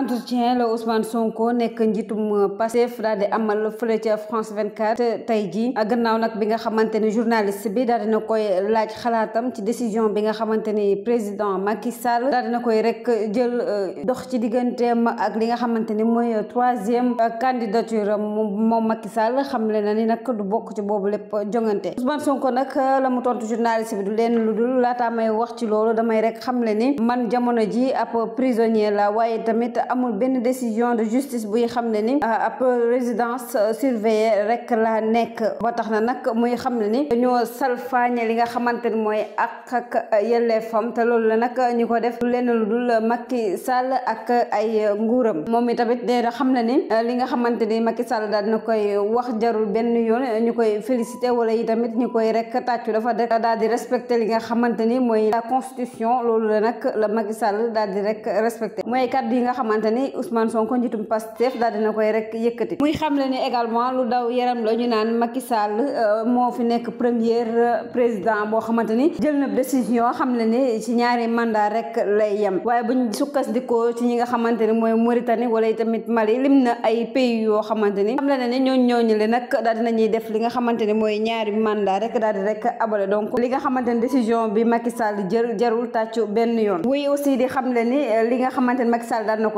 entretien la Ousmane Sonko nekk njiitum euh, Pastef daal di amal fële ca France 24 tey jii gannaaw nag bi nga xamante ni journaliste bi daal dina koy laaj xalaatam ci décision bi nga xamante président Macky Sall daal dina koy rek jël euh, dox ci digganteem ak li nga xamante ni mooy troisième candidature moom Macky Sall xamle na ni nag du bokk ci boobu lépp jongante Ousmane Sonko nag euh, la mu tontu journaliste bi du leen lu dul laataa may wax ci loolu damay rek xamle ni man jamono ji ab prisonnier la waaye amul benn décision de justice buy xam ne ni euh, ab résidence euh, surveillée rek la nekk ba tax na nag muy xam ne ni dañoo salfaañe li nga xamante ni mooy ak ak yelleefam te loolu la nag ñu ko def lenn lu dul Macky Sall ak ay nguuram moom i tamit nee xam na ni euh, li nga xamante ni Macky Sall daal na koy wax jarul benn yoon ñu koy félicité wala yi tamit ñu koy rek tàccu dafa daal di respecté li nga xamante ni mooy la constitution loolu la nag la Macky Sall daal di rek respecté mooy kàddu yi nga xamante xamante ni Ousmane Sonko njiitum Pastef daal dina koy rek yëkkati muy xamle ni également lu daw yaram la naan Macky euh, moo fi nekk premier euh, président boo xamante ni jël na décision xamle ni ci ñaari mandat rek lay yem waaye buñ sukkandikoo ci ñi nga xamante ni mooy Mauritanie wala tamit Mali lim na ay pays yoo xamante ni xamle na ni ñooñ ñooñu le nag daal ñuy def li nga xamante ni mooy ñaari mandat rek daal di rek abale donc li nga xamante ni décision bi Macky Sall jël jarul tàccu benn yoon wuy ni euh, li nga xamante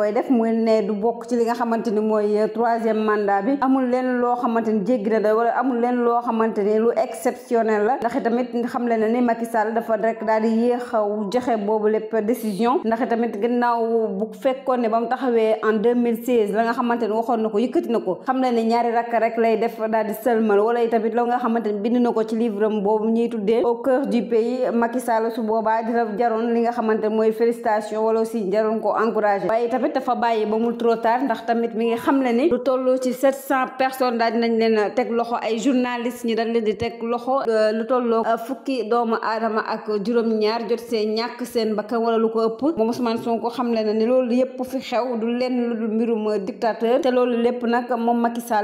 koy def muy ne du bokk ci li nga xamante ni mooy euh, troisième mandat bi amul leen loo xamante ni jéggi na da wala amul leen loo xamante ni lu exceptionnel la ndax tamit xam le ne ni Macky dafa rek daal di yéex a joxe boobu lépp décision ndax tamit ginnaaw bu fekkoon ne ba mu taxawee en 2016 la nga xamante ni waxoon na ko yëkkati na ko xam le ne ñaari rakk rek lay def daal di sëlmal wala tamit la nga xamante ni bind na ko ci livre boobu ñuy tuddee au cœur du pays Macky su boobaa dina jaroon li nga xamante ni mooy félicitation wala aussi jaroon ko encouragé waaye tamit dafa bàyyi ba mu trop tard ndax tamit mi ngi xam le ni lu toll ci sept cent personnes daal dinañ leen teg loxo ay journalistes ñi dañ di teg loxo euh, lu tolloo fukki doomu aadama ak juróom-ñaar jot seen ñàkk seen bakkan wala lu ko ëpp moom Ousmane Sonko xam le na ni loolu yëpp fi xew du lenn lu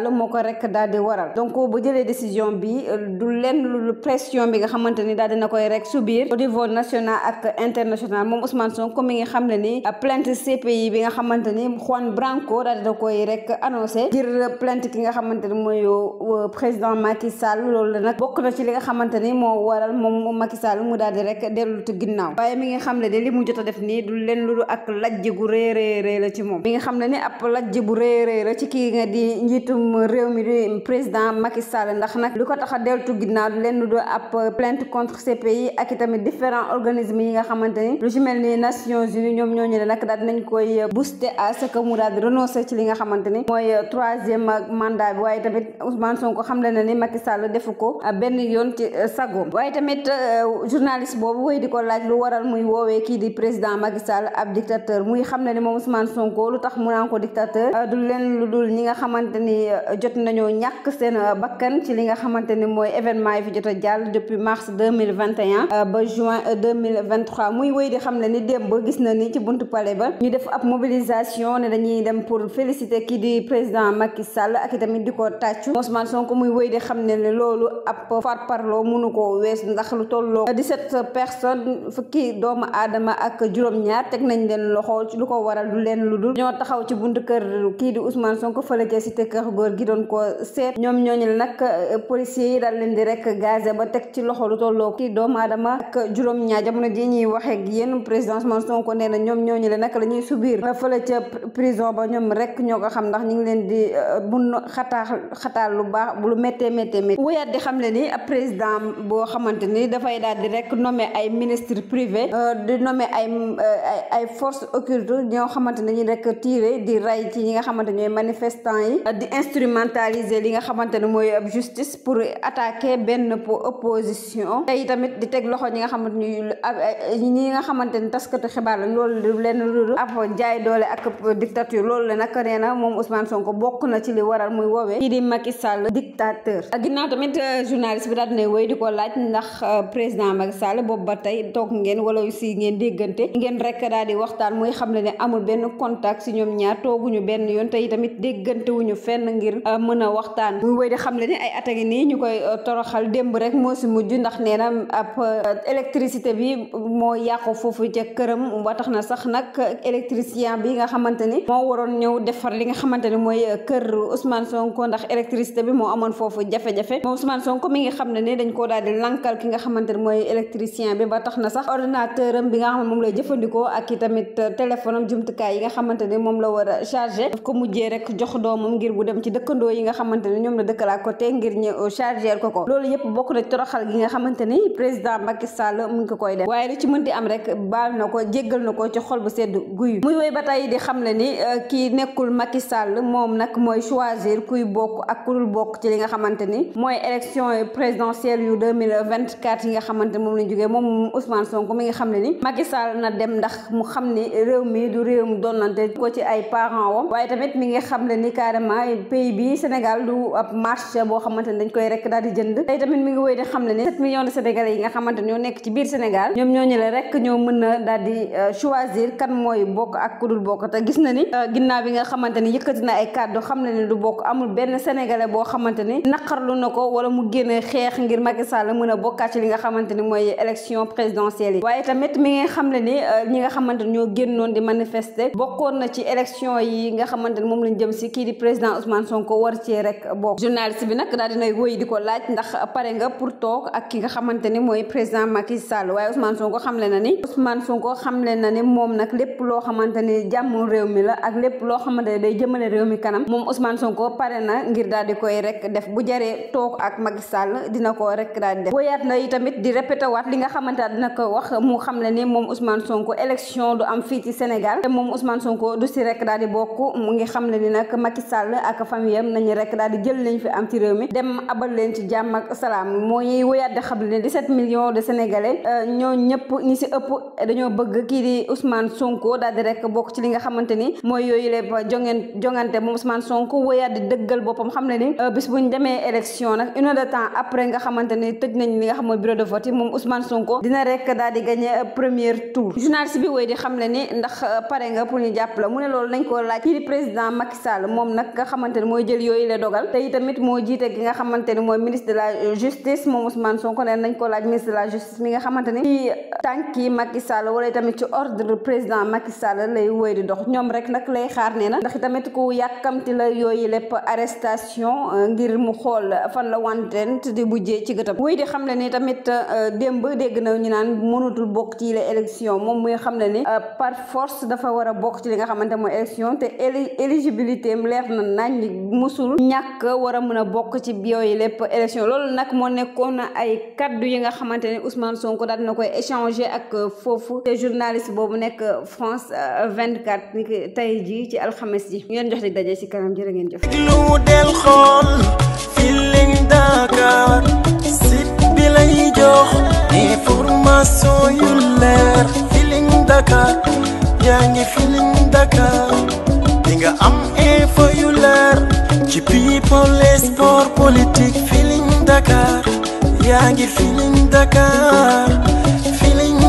dul ko rek daal di waral donc bi euh, du lenn pression bi nga xamante ni daal dina koy rek subir au niveau national ak international moom Ousmane Sonko mi ngi xam ni euh, plainte CPI bi nga xamante Juan Branco daal da koy rek annoncé ngir plainte ki nga xamante ni mooy euh, président Macky Sall loolu nag bokk na ci li nga xamante ni moo waral moom Macky Sall mu daal di rek dellu ci waaye mi nga xam ne de li mu jot a def nii du leen la ci moom mi xam ne ni ab lajj bu réeréer la ci kii nga di njiitum réew mi di président Macky Sall ndax nag lu ko tax a deltu ginnaaw du leen lu ab plainte contre ces pays ak itamit différents organismes yi nga xamante lu ci mel ni Nations Unies ñoom incité à ce que Mourad renonce ci li nga xamante ni mooy troisième mandat bi waaye tamit Ousmane xam xamle na ni Macky Sall defu ko benn yoon ci euh, sagoom waaye tamit euh, journaliste boobu wéy di ko laaj lu waral muy woowee kii di président Macky Sall ab dictateur muy xam ne ni moom Ousmane Sonko lu tax mu naan ko euh, du leen lu dul ñi nga xamante ni jot nañoo ñàkk seen bakkan ci li nga xamante ni mooy événement yi fi jot a jàll depuis mars mille vingt et un ba juin deux mille vingt muy wéy di xam ne ni démb gis na ni ci buntu palais ba ñu def ab mobilisation ne dañuy dem pour féliciter kii di président Macky Sall ak itamit di ko tàccu Ousmane Sonko muy wéy di xam ne ne loolu ab faat parloo mënu ko wees ndax lu tolloo 17 personnes fukki doomu aadama ak juróom-ñaar teg nañ leen loxo ci lu ko waral du leen lu dul ñoo taxaw ci buntu kër kii di Ousmane Sonko fële ca cité kër góor gi doon ko seet ñoom ñooñu nag policiers yi daal leen di rek gazé ba teg ci loxo lu tolloo kii doomu aadama ak juróom-ñaar jamono ji ñuy waxee ak yéen président Ousmane Sonko nee na ñoom ñooñu le nag la ñuy fële ca prison ba ñoom rek ñoo ko xam ndax ñu ngi leen di mun euh, xataa xataal lu baax lu méttee méttee méttee. wuyaat di xam le di rek nommé ay ministre privé euh, di ne ñu rek ñi nga xamante yi di instrumentaliser li nga xamante ne mooy ab pour attaquer benn opposition tey tamit di teg loxo ñi ni taskatu xibaar la loolu leen ab jaay doole doole ak dictature loolu la nag nee na moom Ousmane Sonko bokk na ci li waral muy woowee kii di Macky Sall dictateur. ginnaaw tamit euh, journaliste bi daal dina wéy di ko laaj ndax euh, président Macky Sall boobu ba tey toog ngeen wala si ngeen déggante ngeen rek daal di waxtaan muy xam le ne amul benn contact si ñoom ñaar tooguñu benn yoon tey tamit déggante wuñu fenn ngir euh, mën a waxtaan muy wéy di xam le ne ay attaques yi nii ñu koy toroxal démb rek moo si mujj ndax nee na ab électricité bi moo yàqu foofu ca këram bi nga xamante ni moo waroon ñëw defar li nga xamante ni mooy euh, kër Ousmane Sonko ndax électricité bi moo amoon foofu jafe-jafe moom Ousmane Sonko mi ngi xam ne ni dañ koo daal di lankal ki nga xamante ni mooy électricien bi ba tax na sax ordinateur am bi nga xam ne moom lay jëfandikoo ak i tamit euh, téléphone am yi nga xamante ni moom la war a chargé daf ko mujjee rek jox doomam ngir bu dem ci dëkkandoo yi nga xamante ni ñoom la dëkkal à côté ngir ñu euh, chargé ko ko loolu yëpp bokk na toroxal gi nga xamante ni président Macky Sall mu ngi ko koy def waaye lu ci mënti am rek baal na ko jéggal na ko ci xol bu sedd tey di xam le ni euh, kii nekkul Macky moom nag mooy choisir kuy bokk ak ku dul bokk ci li nga xamante ni mooy élection présidentielle yu 2024 yi nga xamante ni moom la jógee moom Ousmane Sonko mi nga xam ne ni Macky Sall na dem ndax mu xam ni réew mi du réew mu donnante ko ci ay parents wam waaye tamit mi nga xam le ni carrément pays bi Sénégal du ab marché boo xamante ni dañ koy rek daal di jënd tey tamit mu ngi wéy di xam le ni 7 millions de Sénégalais yi nga xamante ni ñoo nekk ci biir Sénégal ñoom ñooñu la rek ñoo mën a daal di euh, choisir kan mooy dul bokk te gis na ni euh, ginnaaw bi nga xamante ni yëkkati na xam na ni du bokk amul benn sénégalais a xam ne ni euh, ñi nga xamante ñoo génnoon di manifester bokkoon na ci élection yi nga xamante ni moom lañ jëm si kii di président Ousmane Sonko war cee rek bokk journaliste bi nag daal dinay wéy di ko laaj ndax pare nga pour toog ak ki nga xamante ni mooy président Macky Sall waaye Ousmane Sonko xamle na ni Ousmane Sonko xamle na ni moom nag lépp loo xamante ni jàmmu réew mi la ak lépp loo xamante ne day jëmale réew mi kanam moom Ousmane Sonko pare na ngir daal di koy rek def bu jaree toog ak Macky dina ko rek daal di li nga xamante ne dina ko wax mu xam ne ni moom Ousmane Sonko élection du am fii ci Sénégal te moom bokk mu ngi xam ne ni nag Macky Sall ak famiyam nañu rek daal di jël lañ fi am ci réew mi dem abal leen ci jàmm ak salaam moo ñuy woyaat di xam ne 17 millions de Sénégalais euh, ñoo ñëpp ñi si ëpp dañoo bëgg kii di Ousmane Sonko daal di rek bokk ci li nga xamante ni mooy yooyu le jongeen jongante moom Ousmane Sonko wëyaat di dëggal boppam xam ne ni euh, bis buñ demee élection nag une de temps après nga xamante tëj nañ li nga xam euh, euh, mooy jël yooyu le dogal te itamit moo jiite gi nga xamante mooy ministre de la justice moom Ousmane Sonko ne nañ ko laaj ministre de la justice mi nga xamante ni ci tànki Macky Sall ci ordre président Macky lay wëy woy di dox ñoom rek nag lay xaar nee na ndax tamit ku yàkkamti la yooyu lépp arrestation euh, ngir mu xool fan la wantent di bujjee ci gëtam wuy di xam ne ni tamit euh, démb dégg na ñu naan mënutul bokk ci yile élection moom muy xam ne ni euh, par force dafa war a ci li nga xamante mooy élection te éligibilité am na nañ musul ñàkk war a mën a bokk ci yooyu lépp élection loolu nag moo nekkoon ay kaddu yi nga xamante ne Ousmane Sonko daal dina koy échanger ak foofu te journaliste boobu nekk France 24 2024 ni ki tey jii ci alxames ji ngeen leen jox di daje ci kanam jërë ngeen jëf. lu del xool Feeling Dakar site bi lay jox information yu leer Feeling Dakar yaa ngi Feeling Dakar di nga am info yu leer ci people sport politique Feeling Dakar yaa ngi Feeling Dakar.